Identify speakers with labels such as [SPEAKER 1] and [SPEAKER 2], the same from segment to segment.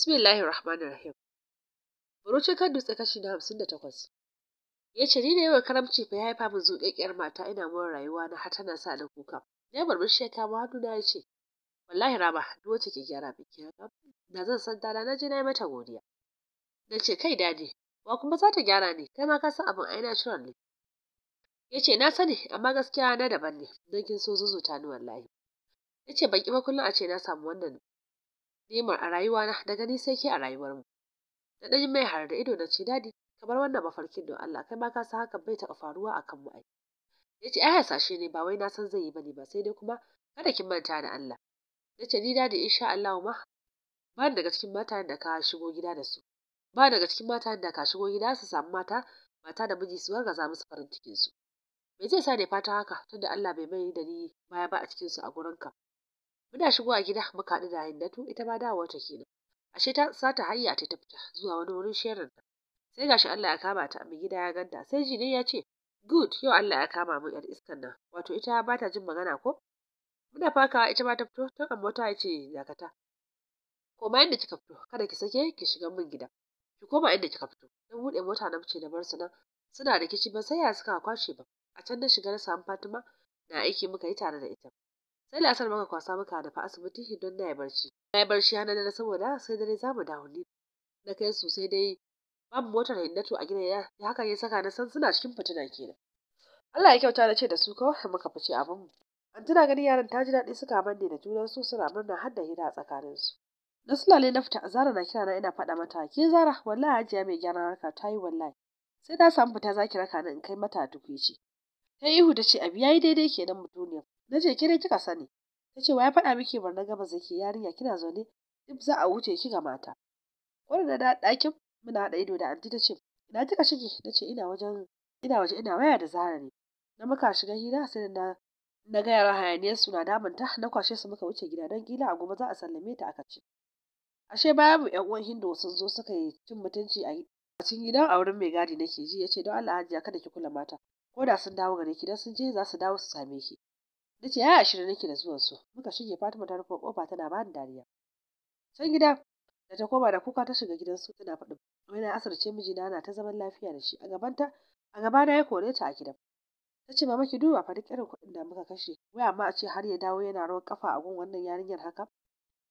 [SPEAKER 1] Bismillahir Rahmanir Rahim. Burucin kan dutse kashi na hamsin da takwas. Ya ce ni ne yawan karamci fa ya haifa min zuƙaƙƙiyar mata ina mura rayuwa na har tana sa da kuka. Na murmushi ya kama hannu na ya ce wallahi raba, duk wacce ke gyara miki haka da zan san dana na je na yi mata godiya. Na ce kai dadi wa kuma za ta gyara ni kai ma ka san abin ai natural ne. Ya ce na sani amma gaskiya na daban ne don kin so zuzuta ni wallahi. Ya ce ban ba kullum a ce na samu wannan Nimar a rayuwa na daga ni sai ke a rayuwar mu. Na ɗan mai har da ido na ce dadi kamar wannan mafarkin don Allah kai ma ka san hakan bai taɓa faruwa a kanmu ai. Ya ce ai hasashe ne ba wai na san zai yi bane ba sai dai kuma kada ki manta da Allah. Ya ce ni dadi insha Allah ma ba daga cikin matan da ka shigo gida da su. Ba daga cikin matan da ka shigo gida su samu mata mata da miji su za musu farin cikin su. Me zai sa ne fata haka tunda Allah bai mai da ni baya ba a cikin su a ka? muna shigo a gida muka haɗu da Hindatu ita ma wata ta kenan ashe ta sata hayya ta fita zuwa wani wurin sharar ta sai gashi Allah ya kama ta mai gida ya ganta sai jini ya ce good yau Allah ya kama mu yar iskar nan wato ita ba ta jin magana ko muna fakawa ita ma ta fito ta kan mota ya ce dakata koma inda kika fito kada ki sake ki shiga min gida ki koma inda kika fito dan buɗe mota na fice da bar nan suna da kici ba sai ya suka kwashe ba a can na shiga na samu Fatima na aiki muka yi tare da ita sai la'asar muka kwasa muka fa asibiti don na yi barci na yi barci hana dare saboda sai dare za mu dawo ni na kai su sai dai babu motar hindatu a gidan ya haka ya saka na san suna cikin fitina kenan Allah ya kyauta da ce da su kawai muka fice abin an tuna ganin yaran ta ji daɗi suka manne da junan su suna murna har da hira a tsakanin su na sulale na fita zara na kira na ina faɗa mata ke zara wallahi ajiya mai gyaran harka ta yi wallahi sai na samu fita zaki raka ni in kai mata tukwici ta ihu ta ce abu yi daidai kenan mutuniyar na ce ki kika sani ta ce wa ya faɗa miki barna zai zake yarinya kina zaune duk za a wuce ki ga mata wani da ɗakin muna haɗa ido da anti ta ce ina kika shige na ce ina wajen ina waje ina waya da zara ne na muka shiga hira sai na na gaya wa hayaniyar su na damunta na kwashe su muka wuce gida don kila a gobe za a sallame ta aka ce ashe baya mu yan uwan hindu sun zo suka yi cin mutunci a A cikin gidan a mai gadi nake ji yace don Allah hajiya kada ki kula mata ko da sun dawo gare ki don sun je za su dawo su same ki Na ce ya ashirin nake da zuwan su. Muka shige Fatima ta rufe kofa tana ba ni dariya. Can gida da ta koma da kuka ta shiga gidan su tana faɗin Wani na asarce mijina na ta zaman lafiya da shi a gabanta a gabana ya kore ta a gidan. Ta ce mamaki ki duba fa duk irin kuɗin da muka kashe wai amma a ce har ya dawo yana rawar kafa a gun wannan yarinyar haka.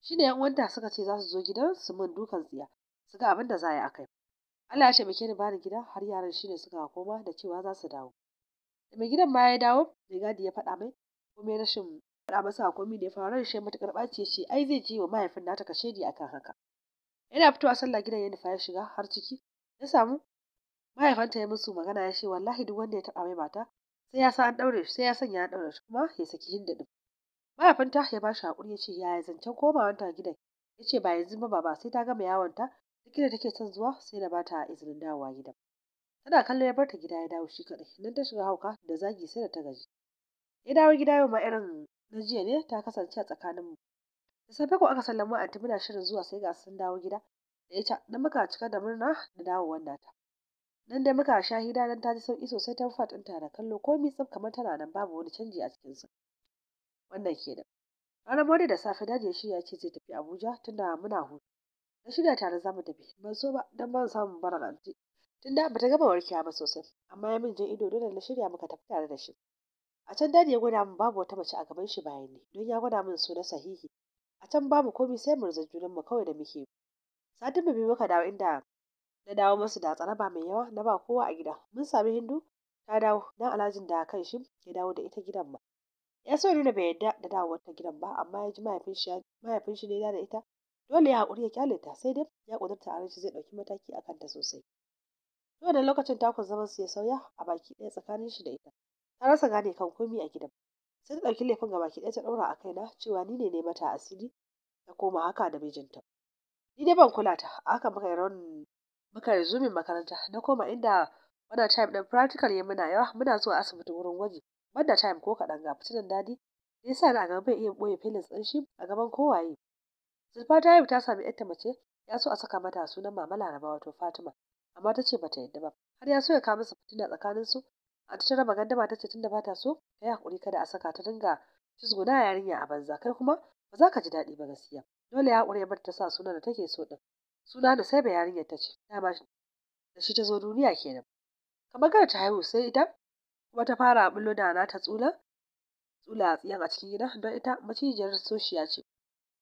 [SPEAKER 1] Shi ne 'yan uwanta suka ce za su zo gidan su min dukan tsiya su ga abin da za a yi a kai. Allah ya taimake ni bani gida har yaran shi ne suka koma da cewa za su dawo. Da mai gidan ma ya dawo, mai gadi ya faɗa mai komai rashin faɗa masa komai da ya faru da shi matukar ɓaci ce ai zai je wa mahaifin nata a akan haka yana fitowa sallah gidan ya shiga har ciki ya samu mahaifanta ya musu magana ya ce wallahi duk wanda ya taɓa mai mata sai ya sa an ɗaure shi sai ya sanya an ɗaure shi kuma ya saki hinda ɗin mahaifinta ya ba shi haƙuri ya ce yaya zancen komawanta gidan ya ce ba yanzu ba baba sai ta gama yawonta duk da take son zuwa sai na ta izinin dawowa gidan tana kallon ya bar ta gida ya dawo shi kaɗai nan ta shiga hauka da zagi sai da ta gaji Ya dawo gida yau ma irin na jiya ne ta kasance a tsakanin mu Da safe ko aka sallama a muna shirin zuwa sai ga sun dawo gida da ita dan muka cika da murna da dawowar nata. Nan da muka sha hira nan ta ji sauki sosai ta fat ɗinta da kallo ko mitsif kamar tana nan babu wani canji a cikinsa. Wannan ke da. Ranar Monday da safe daji ya shirya ce zai tafi Abuja tunda muna hutu. Na shirya tare za mu tafi ban so ba dan ban samu barin anti. Tunda bata gama warkewa ba sosai amma ya min jin ido dole na shirya muka tafi tare da shi. a can dadi ya gwada min babu wata mace a gaban shi bayan ni don ya gwada min so na sahihi a can babu komai sai murzan junan mu kawai da muke satin mu muka dawo inda na dawo masu da tsaraba mai yawa na ba kowa a gida mun sami hindu ta dawo dan alhajin da kan shi ya dawo da ita gidan ma ya so nuna bai yarda da dawo wata gidan ba amma ya ji mahaifin shi mahaifin shi ne da ita dole ya haƙuri ya kyale ta sai dai ya ƙudurta shi zai ɗauki mataki akan ta sosai. Yau da lokacin takun zaman su ya sauya a baki ɗaya tsakanin shi da ita. ta rasa gane kan komi a gidan sai ta ɗauki laifin gabaki ɗaya ta ɗaura a kaina cewa ni ne ne mata asiri ta koma haka da mijinta ni dai ban kula ta haka muka yi ran muka yi makaranta na koma inda wannan time ɗin practical ya muna yawa muna zuwa asibiti wurin gwaji banda time ko kaɗan ga fitinan dadi da yasa na gaba bai iya ɓoye filin ɗin shi a gaban kowaye zulfa ta yi ta sami yadda mace ya so a saka mata sunan mama laraba wato fatima amma ta ce bata yadda ba har ya so ya kawo masa fitina tsakanin su a ta raba gandama ta ce tunda ba ta so ka yi haƙuri kada a saka ta dinga cizguna yarinya a banza kai kuma ba za ka ji daɗi ba gaskiya dole ya ƙure bar ta sa suna da take so ɗin suna da sai ba yarinyar ta ce ta shi da shi ta zo duniya kenan kamar gara ta haihu sai ita kuma ta fara bullo da na ta tsula tsula tsiyan a cikin gida don ita macijiyar soshiya ce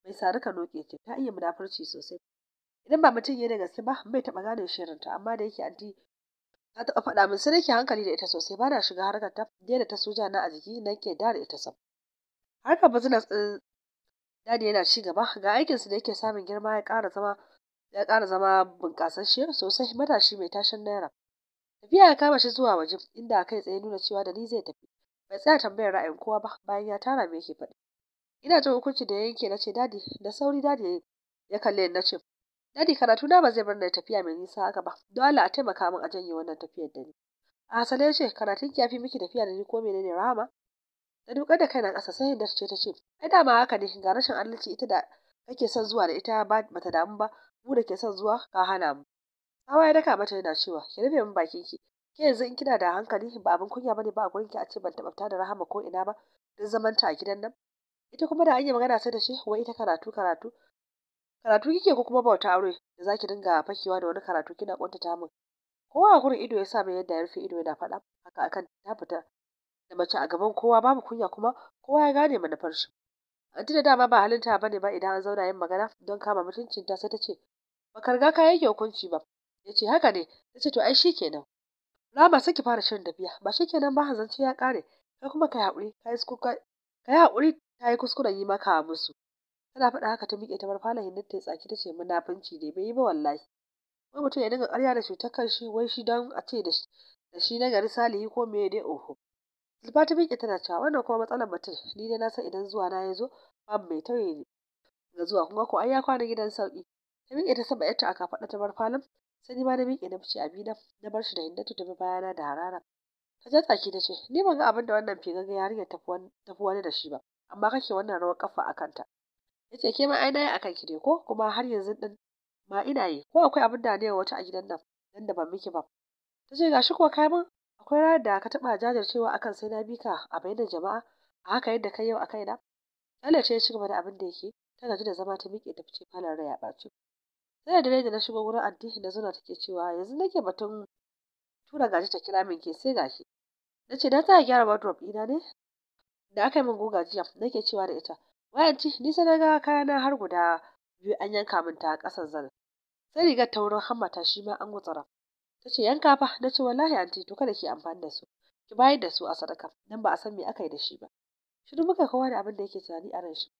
[SPEAKER 1] mai saruka noke ce ta iya munafurci sosai idan ba mutum ya da gaske ba bai taɓa gane shirinta amma da yake anti ta taɓa faɗa min sai nake hankali da ita sosai bana shiga harkar ta da ta soja na a jiki nake da da ita sam harkar business din dadi yana ci gaba ga aikin su da yake samun girma ya ƙara zama ya ƙara zama bunƙasasshe sosai matashi mai tashin naira tafiya ya kama shi zuwa waje inda kai tsaye nuna cewa da ni zai tafi bai tsaya tambayar ra'ayin kowa ba bayan ya tara me yake faɗi ina jin hukunci da yanke na ce dadi da sauri dadi ya kalle na ce Daddy karatu na ba zai bar da tafiya mai nisa haka ba. Dole a taimaka min a janye wannan tafiyar da ni. A ce karatun ki ya fi miki tafiya da ni ko menene Rahama? Na duka da kaina ƙasa sai da ce ta ce ai dama haka ne ga rashin adalci ita da kake son zuwa da ita ba bata damu ba mu da ke son zuwa ka hana mu. Hawa ya daka mata yana cewa ki rufe min bakin ki. Ke yanzu in kina da hankali ba abin kunya bane ba a gurin ki a ce ban ta da Rahama ko ina ba duk zaman ta a gidan nan. Ita kuma da an yi magana sai da shi wai ita karatu karatu karatu kike ko kuma bauta aure da zaki dinga fakewa da wani karatu kina kuntata min kowa a gurin ido ya sa mai yadda ya rufe ido yana faɗa haka akan ta fita da mace a gaban kowa babu kunya kuma kowa ya gane manufar shi anti da dama ba halinta bane ba idan an zauna yin magana don kama mutuncinta sai ta ce Ba karga ka yanke hukunci ba ya ce haka ne ta ce to ai shikenan rama sai ki fara shirin tafiya ba shikenan ba zance ya kare kai kuma kai haƙuri kai haƙuri ta kuskuren yi maka musu tana faɗa haka ta miƙe ta bar falon ta tsaki ta ce munafunci ne. bai yi ba wallahi wai mutum ya dinga ƙarya da cutar shi wai shi don a ce da shi na gari salihi ko me dai oho zulfa ta miƙe tana cewa wannan kuma matsalar mutum ni dai na san idan zuwa na ya zo babu mai tauye ni ga zuwa kuma ko ai ya kwana gidan sauki ta miƙe ta saba yadda a faɗa ta bar falon sai ni ma na miƙe na fice abi na bar shi da hindatu ta bi bayana da harara ta ja tsaki ta ce ni ban ga abin da wannan fegagge yarinyar tafi wani da shi ba amma kake wannan rawar kafa a kanta yace ke ma ai nayi akan ki ne ko kuma har yanzu din ma ina yi ko akwai abin da ne wata a gidan nan dan da ban miki ba ta ce gashi ko kai mun. akwai ranar da ka taba jajircewa akan sai na bika a bainar jama'a a haka yadda kai yau a kaina Allah ce ya ci da abin da yake ta gaji da zama ta miƙe ta fice falon rai a sai da dare da na shigo wurin addini da zauna take cewa yanzu nake batun tura gaji ta kira min ke sai gashi na ce na ta gyara wardrobe ina ne da aka yi min goga jiya nake cewa da ita Bayanci, ci ni sai na kayana har guda biyu an yanka min ta ƙasan zanin. Sai rigar ta wurin hammata shi ma an gutsara. Ta ce yanka fa na ce wallahi anti to kada ki amfani da su. Ki bayar da su a sadaka don ba a san me aka yi da shi ba. Shiru muka kowa da abin da yake tunani a ran shi.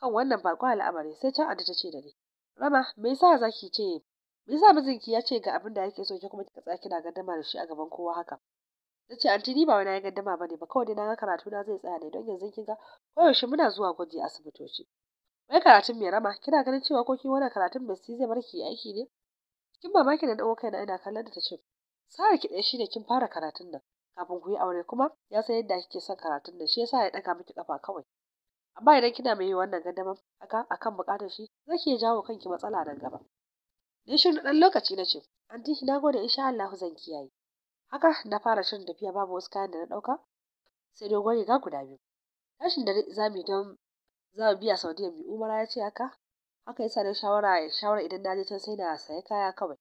[SPEAKER 1] Kan wannan baƙo al'amari sai can anti ta ce da ni. Rama me yasa ki ce me yasa mijinki ya ce ga abin da yake so ki kuma kika tsaya kina gaddama da shi a gaban kowa haka. na ce anti ni ba wani gaddama ba ne ba kawai dai na karatu na zai tsaya ne don yanzu kin ga koyaushe muna zuwa gwaji asibitoci wai karatun mai rama kina ganin cewa ko kin wannan karatun sai zai bar ki aiki ne kin maki da dawo na ina kallon da ta ce sare ki ɗaya shine kin fara karatun nan kafin ku yi aure kuma ya san yadda kike son karatun nan shi yasa ya daka miki kafa kawai amma idan kina mai yi wannan gaddama haka akan buƙatar shi zai iya jawo kanki matsala nan gaba ni shiru ɗan lokaci na ce anti na gode insha Allah zan kiyaye haka na fara shirin tafiya babu wasu kayan da na ɗauka sai dogon riga guda biyu tashin da za mu don za mu biya saudiya mai umara ya ce haka haka yasa na shawara ya shawara idan na je can sai na saya kaya kawai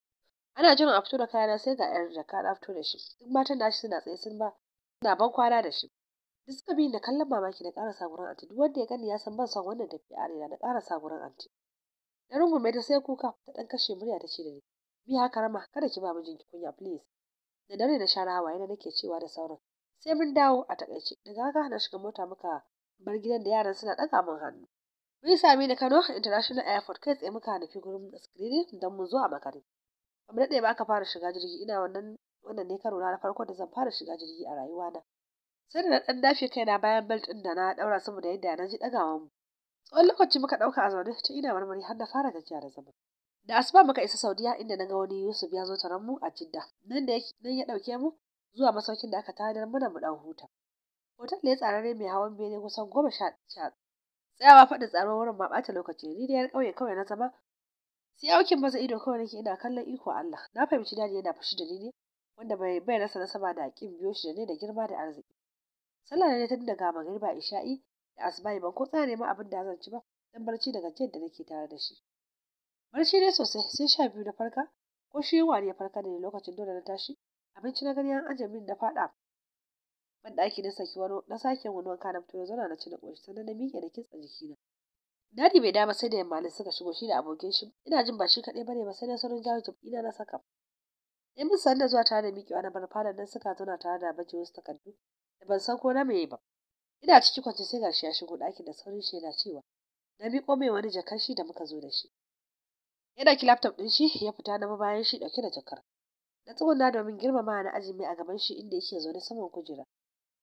[SPEAKER 1] ana jiran a fito da kayana sai ga yar jaka na fito da shi duk matan da shi suna tsaye sun ba suna ban kwana da shi duk suka bi da kallon mamaki na ƙara gurin anti duk wanda ya gani ya san ban son wannan tafiya a na ƙara gurin anti na rungume ta sai kuka ta ɗan kashe murya ta ce da ni bi haka rama kada ki ba mijinki kunya please da dare da shara hawaye na nake cewa da sauran sai mun dawo a takaice daga haka na shiga mota muka bar gidan da yaran suna daga mun hannu mun sami da Kano International Airport kai tsaye muka nufi gurin skirin don mu zo a makare Kamar da ba aka fara shiga jirgi ina wannan wannan ne karo na farko da zan fara shiga jirgi a rayuwa na sai da na ɗan dafe kaina bayan belt ɗin da na ɗaura saboda yadda na ji ɗagawan mu tsawon lokaci muka ɗauka a zaune tun ina marmari har na fara gajiya da zama da asuba muka isa saudiya inda naga wani yusuf ya zo taron mu a jidda nan da nan ya ɗauke mu zuwa masaukin da aka tanadar mana mu ɗan huta hotel da ya tsararre mai hawan bene kusan goma sha tsayawa faɗin tsaron wurin ma ɓata lokaci ni da yar ƙauye kawai na zama sai aukin baza ido kawai nake ina kallon iko Allah na fahimci dadi yana fushi da ni wanda bai bai rasa nasaba da kin biyo shi da ne da girma da arziki sallah ne tun daga magariba isha'i da asuba ba ko tsaya ma abin da zan ci ba dan barci daga jiyar da nake tare da shi barci dai sosai sai sha biyu da farka ko shi yi ne ya farka da lokacin dole na tashi abinci na gani an aje min da faɗa ban ɗaki na saki wani na sake wani wanka na fito ya zauna na ci na ƙoshi sannan na miƙe da kitsa jikina dadi bai dama sai da yamma suka shigo shi da abokin shi ina jin ba shi kaɗai bane ba sai na sauran jawo ina na saka in mun sanda zuwa tare da miƙewa na bar fadar nan suka zauna tare da baje wasu takardu da ban san ko na meye ba ina ciki kwance sai gashi ya shigo ɗakin da saurin shi yana cewa na miƙo mai wani jakashi da muka zo da shi ya ɗauki laptop ɗin shi ya fita na bayan shi ɗauke da jakar na tsuguna domin girmama na azumi a gaban shi inda yake zaune saman kujera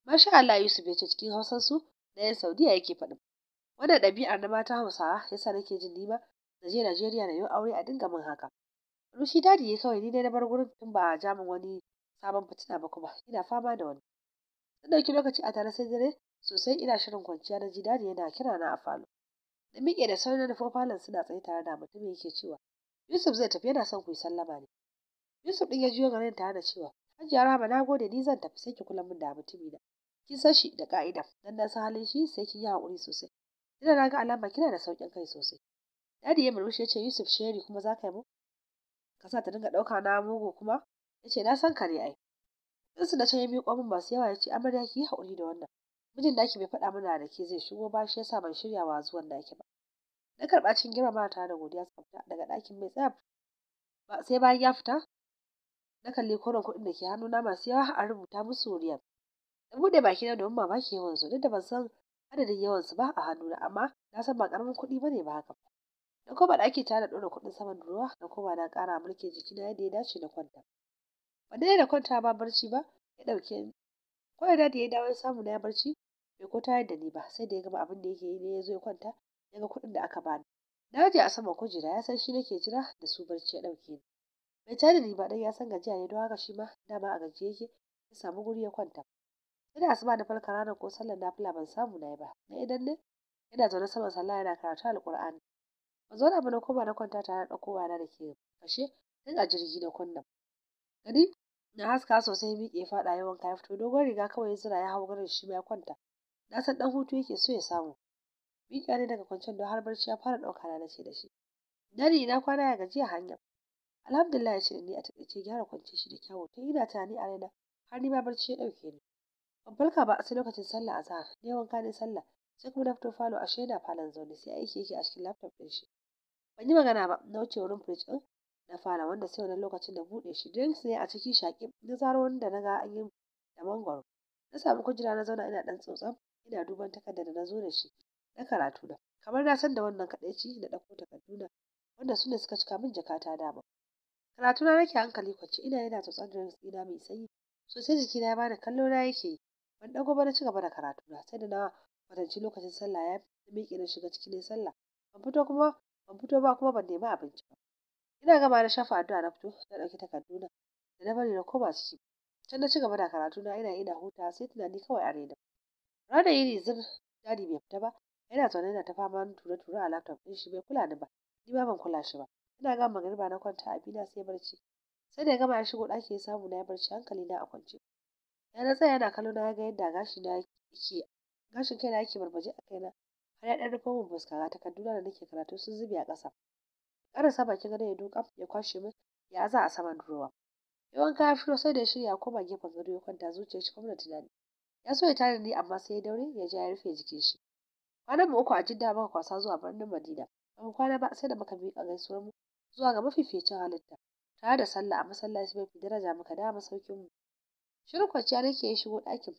[SPEAKER 1] masha Allah Yusuf ya ce cikin hausar su na yan Saudiya yake faɗin wannan ɗabi'ar na mata Hausawa yasa nake jin nima na je Najeriya na yi aure a dinga min haka rushi dadi ya kawai ni dai na bar gurin tun ba a jamin wani sabon fitina ba kuma ina fama da wani na ɗauki lokaci a tare sai dare sosai ina shirin kwanciya na ji dadi yana kira na a falo da miƙe da sauri da nufo suna tsaye tare da mutumin yake cewa Yusuf zai tafi yana son ku yi sallama ne Yusuf ɗin ya juyo garin tare da cewa Hajiya Rahama na gode ni zan tafi sai ki kula min da mutumi na kin san shi da ka'ida dan na san halin shi sai kin yi hakuri sosai ina na ga alama kina da saukin kai sosai Dadi ya murmushi ya ce Yusuf sheri kuma za ka yi mu ka sa ta dinga ɗauka na mugu kuma ya ce na san ka ne ai Yusuf da can ya miƙo min masu yawa ya ce amarya ki yi haƙuri da wannan mijin ake bai faɗa mana da ke zai shigo ba shi yasa ban shirya wa zuwan ake ba na karɓa cikin girmama tare da godiya tsafta daga ɗakin mai tsaya ba sai bayan ya fita na kalli koren kuɗin da ke hannuna masu yawa a rubuta musu wuriyar Da buɗe baki na domin mamaki yawan su duk da ban san adadin yawan su ba a hannuna amma na san ba ƙaramin kuɗi bane ba haka na koma ɗaki tare da ɗora kuɗin saman ruwa na koma na ƙara jiki na yadda ya dace na kwanta ba dai da kwanta ba barci ba ya ɗauke ni ko da ya dawo ya samu na barci bai ko tayar da ni ba sai da ya gama abin da yake yi ne ya zo ya kwanta ya ga kuɗin da aka bani na je a saman kujera ya san shi nake jira da su barci ya ɗauke ni bai tayar da ni ba dan ya san gajiya ne don haka shi ma dama a gajiye yake ya samu guri ya kwanta Ina da asuba da farka ranar ko sallar nafila ban samu na yi ba na idan ne yana zaune saman sallah yana karatu alƙur'ani ba zo na ba na koma na kwanta tare da ɗaukowa na da ke kashe tun a jirgi na kunnan. gani na haska sosai miƙe faɗa yawan kaya fito dogon riga kawai ya zira ya hau garin shi ma ya kwanta na san dan hutu yake so ya samu miƙa ne daga kwancen don har barci ya fara ɗauka na nace da shi dani na kwana ya gajiya hanya alhamdulillah ya ce ni a taƙaice gyara kwance shi da kyawu tun ina tunani a raina har ni ma barci ya ɗauke ni ban farka ba sai lokacin sallah a a ne wanka ne sallah sai kuma na fito falo a shaida falon zaune sai aiki yake a cikin laptop ɗin shi ban yi magana ba na wuce wurin fridge ɗin na fara wanda sai wani lokacin da buɗe shi drinks ne a ciki shaƙi na zaro wanda na ga an yi da mangwaro na samu kujera na zauna ina ɗan tsotson ina duban takardar da na zo da shi na karatu na kamar na san da wannan kadaici na ɗauko takarduna wanda su ne suka cika min jakata dama karatu na nake hankali kwance ina yana tsotsar da ina mai sanyi sosai jikina ya bani kallo na yake yi ban dago ba na ci gaba da karatu na sai da na kwatanci lokacin sallah ya fi miƙe na shiga cikin sallah ban fito kuma ban fito ba kuma ban nemi abinci ba ina gama na shafa addu'a na fito na ɗauki takarduna da na bari na koma ciki can na ci gaba da karatu na ina ina huta sai tunani kawai a raina
[SPEAKER 2] Tare da yin zir
[SPEAKER 1] dadi bai fita ba, yana zaune yana ta faman tura tura a laptop ɗin shi bai kula ni ba, ni ma ban kula shi ba. Ina gama magariba na kwanta abina sai barci. Sai da gama ya shigo ɗaki ya samu na ya barci hankali na a kwance. Ya na tsaya yana kallo na ga yadda gashi na ke gashin kaina yake barbaje a kaina har ya ɗan rufo min fuskara ga takarduna da nake karatu sun zube a ƙasa. Ƙarasa bakin gado ya duka ya kwashe min ya aza a saman durowa. Yawan kaya sai da ya shirya koma gefen gado ya kwanta zuciya shi kuma da tunani. ya so ya tare ni amma sai ya daure ya ji ya rufe jikin shi kwanan mu uku a jidda muka kwasa zuwa birnin madina ba mu kwana ba sai da muka miƙa gaisuwar mu zuwa ga mafificin halitta tare da sallah a masallaci mafi daraja muka dawo masaukin mu shirin kwanciya nake ya shigo ɗakin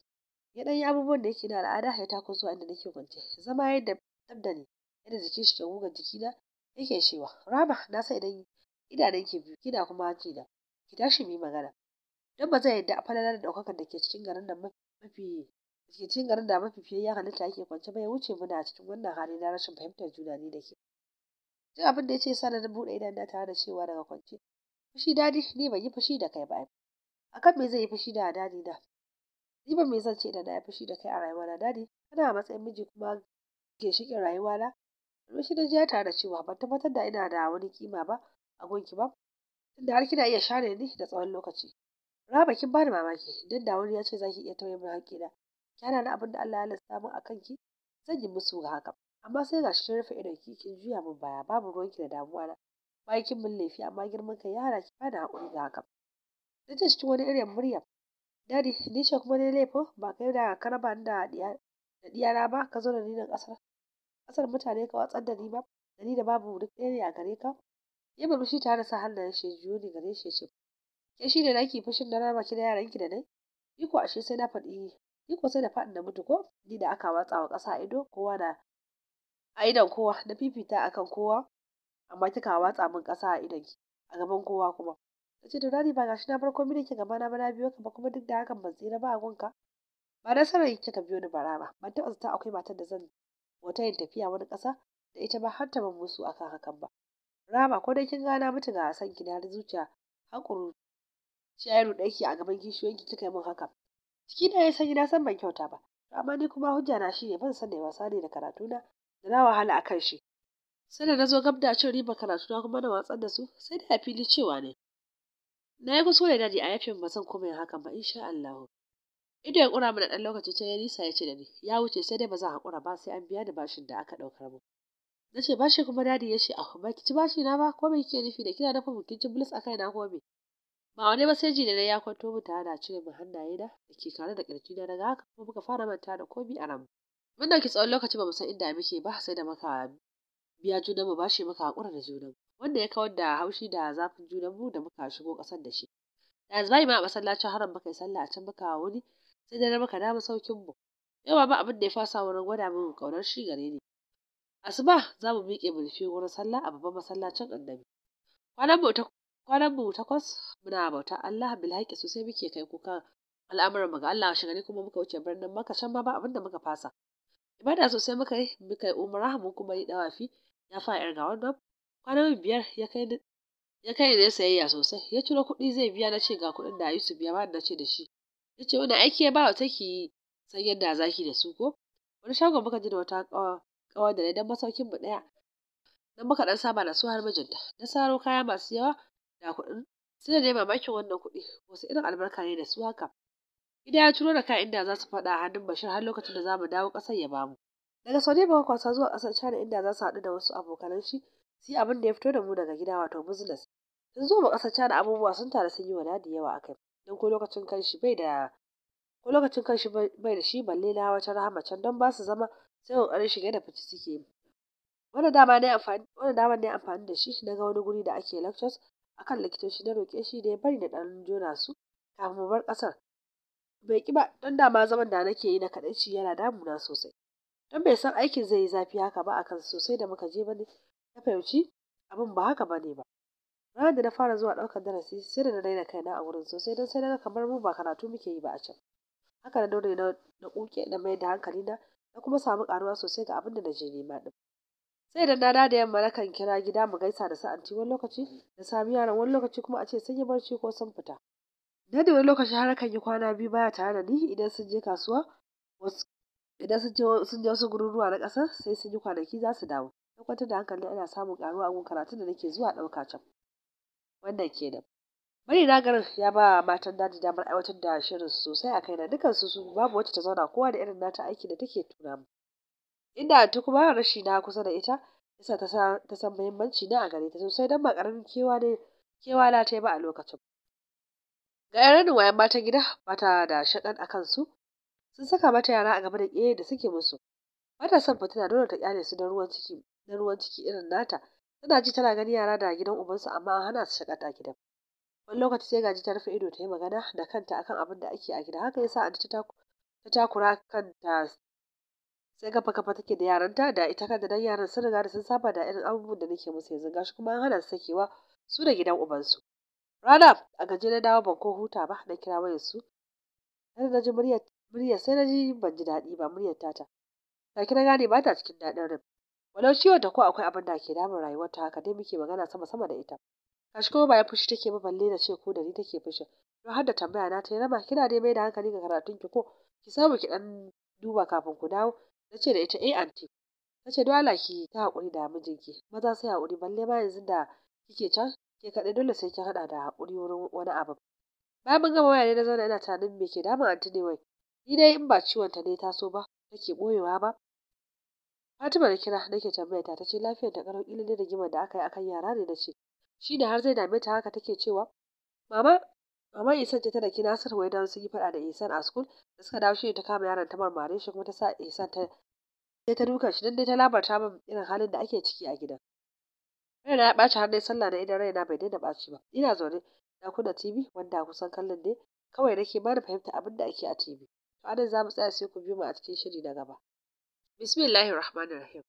[SPEAKER 1] ya ɗan yi abubuwan da yake da al'ada ya tako zuwa inda nake kwance zama yadda dabda ne yadda jikin shi ke guga jikina yake cewa rama na sa idan idanun ke biyu kina kuma hanci na?" ki tashi mu yi magana don ba zai yadda a falalar da ɗaukakar da ke cikin garin nan mafi ke cikin garin da ya halitta yake kwance ba ya wuce muna a cikin wannan hali na rashin fahimtar juna ni da ke duk abin da ya ce sana na buɗe idan na tare da cewa daga kwance fushi dadi ni ban yi fushi da kai ba kan me zai yi fushi da dadi na ni ba me zan ce idan na yi fushi da kai a rayuwa na dadi kana a matsayin miji kuma ginshiƙin rayuwa na shi na ya tare da cewa ban tabbatar da ina da wani kima ba a gunki ba tunda har kina iya share ni da tsawon lokaci Raba kin bani mamaki dan da wani ya ce zaki iya tauye min haƙƙina. Ki hana abin da Allah ya lasta min akan ki zan yi musu ga haka. Amma sai gashi kin rufe idon ki kin juya min baya babu ruwan ki da damuwa na. Bayan kin min laifi amma girman kai ya ki bani haƙuri ga haka. Na ce cikin wani irin murya. Dadi ni ce kuma ne laifin ba kai da ka raba ni da diyana ba ka zo da ni nan ƙasar. Ƙasar mutane ka watsar da ni ba da ni da babu duk ɗaya ne a gare ka. Ya murmushi tare da sa hannayen shi ya juyo ni gare shi ya ce ke shi ne naki fushin na rama ki da yaran ki da nai iko ashe sai na faɗi iko sai na faɗi na mutu ko ni da aka watsa wa ƙasa ido kowa na a idon kowa na fifita akan kowa amma kika watsa min ƙasa a idon ki a gaban kowa kuma ta ce tunani ba gashi na farko mini ki gaba na ba na biyo ka ba kuma duk da hakan ban tsira ba a gunka ba na nasarar kika biyo ni bara ba ban taɓa zata akwai matar da zan wata yin tafiya wani ƙasa da ita ba har ta ban musu akan hakan ba rama ko dai kin gana mutu ga san ki na zuciya hakuru ya da yake a gaban kishiyoyin kika yi min haka ciki na ya sanyi na san ban kyauta ba amma ni kuma hujja na shine ban san da wasa ne da karatu na da na wahala a kan shi sai da zo gab da cin riba karatu na kuma na watsar da su sai da fili cewa ne na yi da daji a yafin ba zan kuma yin hakan ba insha Allah ido ya kura mana dan lokaci ta Yarisa ya ce da ni ya wuce sai dai ba zan hakura ba sai an biya da bashin da aka ɗaukar mu na ce bashi kuma dadi ya ce ah ba ki ci bashi na ba ko me kike nufi da kina dafa mu kin ci bulus akai na ko me ba wani maseji da na ya kwanto mu tare da cire min hannaye da ke tare da ƙirji da daga haka kuma muka fara manta da komi a ran mun dauki tsawon lokaci ba mu san inda muke ba sai da muka biya junan mu bashi muka hakura da junan wanda ya kawar da haushi da zafin junan mu da muka shigo ƙasar da shi da zai ma a masallacin haram muka yi sallah a can muka wuni sai da muka da masaukin mu yau ba abin da ya fasa wurin gwada min kaunar shi gare ni asuba za mu miƙe mu rufe wurin sallah a babban masallacin annabi kwanan mu ta kwanan mu takwas muna bauta Allah bil haƙi sosai muke kai kuka al'amuran mu ga Allah shi gari kuma muka wuce birnin Makka can ma ba abinda muka fasa ibada sosai muka yi muka yi umra mun kuma yi dawafi ya fa yar ga wannan kwanan biyar ya kai ya kai ne sayayya sosai ya ciro kuɗi zai biya na ce ga kuɗin da Yusuf ya bada na ce da shi ya ce wani aiki ya ba wa take san yadda zaki da su ko wani shagon muka ji da wata kawa da dan masaukin mu ɗaya dan muka dan saba da su har mijinta na saro kaya masu yawa da kuɗin sai da mamakin wannan kuɗi wasu irin albarka ne da su haka gida ya turo da kayan inda za su faɗa a hannun bashir har lokacin da za mu dawo ƙasar ya bamu daga sau ne kwasa zuwa ƙasar china inda za su haɗu da wasu abokanan shi su yi abin da ya fito da mu daga gida wato business sun zo ba ƙasar china abubuwa sun tare sun yi wani yawa yawa kai don ko lokacin shi bai da ko lokacin shi bai da shi balle na wata rahama can don ba su zama sai ƙoƙarin shige da fice suke yi wanda dama ne amfani da shi na ga wani guri da ake lectures akan likitoci na roƙe shi da ya bari na ɗan jona su kafin mu bar ƙasar bai ki ba don dama zaman da nake yi na kaɗaici yana damuna sosai don bai san aikin zai yi zafi haka ba akan sosai da muka je ba ne na fahimci abin ba haka ba ne ba ranar da na fara zuwa ɗaukar darasi sai da na daina kaina a wurin sosai don sai na kamar mu ba karatu muke yi ba a can haka na daure na na kuke na mai da hankali na na kuma samu ƙaruwa sosai ga abin da na je nema din sai da na da yamma nakan kira gida mu gaisa da su wani lokaci da sami yaran wani lokaci kuma a ce sun yi barci ko sun fita dadi wani lokaci har kan yi kwana biyu baya tare da ni idan sun je kasuwa wasu idan sun je wasu garuruwa na ƙasar sai sun yi kwanaki za su dawo na kwantar da hankali ana samun ƙaruwa a karatun da nake zuwa ɗauka can wannan kenan bari na garin ya ba matan daji damar aiwatar da shirin sosai a kaina dukansu su babu wacce ta zauna kowa da irin nata aiki da take tura mu inda ta kuma rashi na kusa da ita yasa ta san muhimmanci na a gare ta sosai don ba kewa ne kewa na ta yi ba a lokacin. Ga 'yan wayan wayan matan gida mata da shakan a kansu sun saka mata yara a gaba da ke da suke musu. Ba ta son fitina dole ta kyale su da ruwan ciki ruwan ciki irin nata. Tana ji tana gani yara da gidan ubansu amma hana su a gidan. Wani lokaci sai gaji ta rufe ido ta yi magana da kanta akan abin da ake a gida haka yasa a ta takura kanta sai gaba gaba take da ta da ita kanta dan yaran sun riga da sun saba da irin abubuwan da nake musu yanzu gashi kuma an hana su sakewa su da gidan ubansu rana a gaje na dawo ban ko huta ba na kira wayar su sai na ji murya murya sai na ji ban ji daɗi ba muryar tata ta kira gane ba ta cikin daɗin rin walau ciwon ta ko akwai abin da ke damun rayuwar ta haka dai muke magana sama sama da ita kashi kuma ba ya fushi take ba balle na ce ko da ni take fushi don har da tambaya na ta yi raba kina dai mai da hankali ga karatun ki ko ki samu ki dan duba kafin ku dawo na ce da ita eh anti ta ce dole ki ta haƙuri da mijinki maza sai hakuri balle ma yanzu da kike can ke kaɗai dole sai ki haɗa da hakuri wurin wani abu bayan mun gama waya ne na zauna ina tunanin me ke damun anti ne wai ni dai in ba ciwon ta ne taso ba take boyewa ba Fatima da kira nake tambaya ta tace lafiyar ta karau ilin da gima da aka yi akan yara ne ce. shi da har zai dame ta haka take cewa mama Maman Isan ce ta daki Nasir wai dan sun yi faɗa da isan a school da suka dawo shi ta kama yaron ta marmare shi kuma ta sa isan ta sai ta duka shi dan dai ta labarta min irin halin da ake ciki a gidan. na ya ɓaci har dai sallah na idan na bai daina ɓaci ba. Ina zaune na kunna TV wanda kusan kallon ne kawai nake ba da fahimta abin da ake a TV. To anan za mu tsaya sai ku biyo mu a cikin shiri na gaba. Bismillahirrahmanirrahim. Rahim.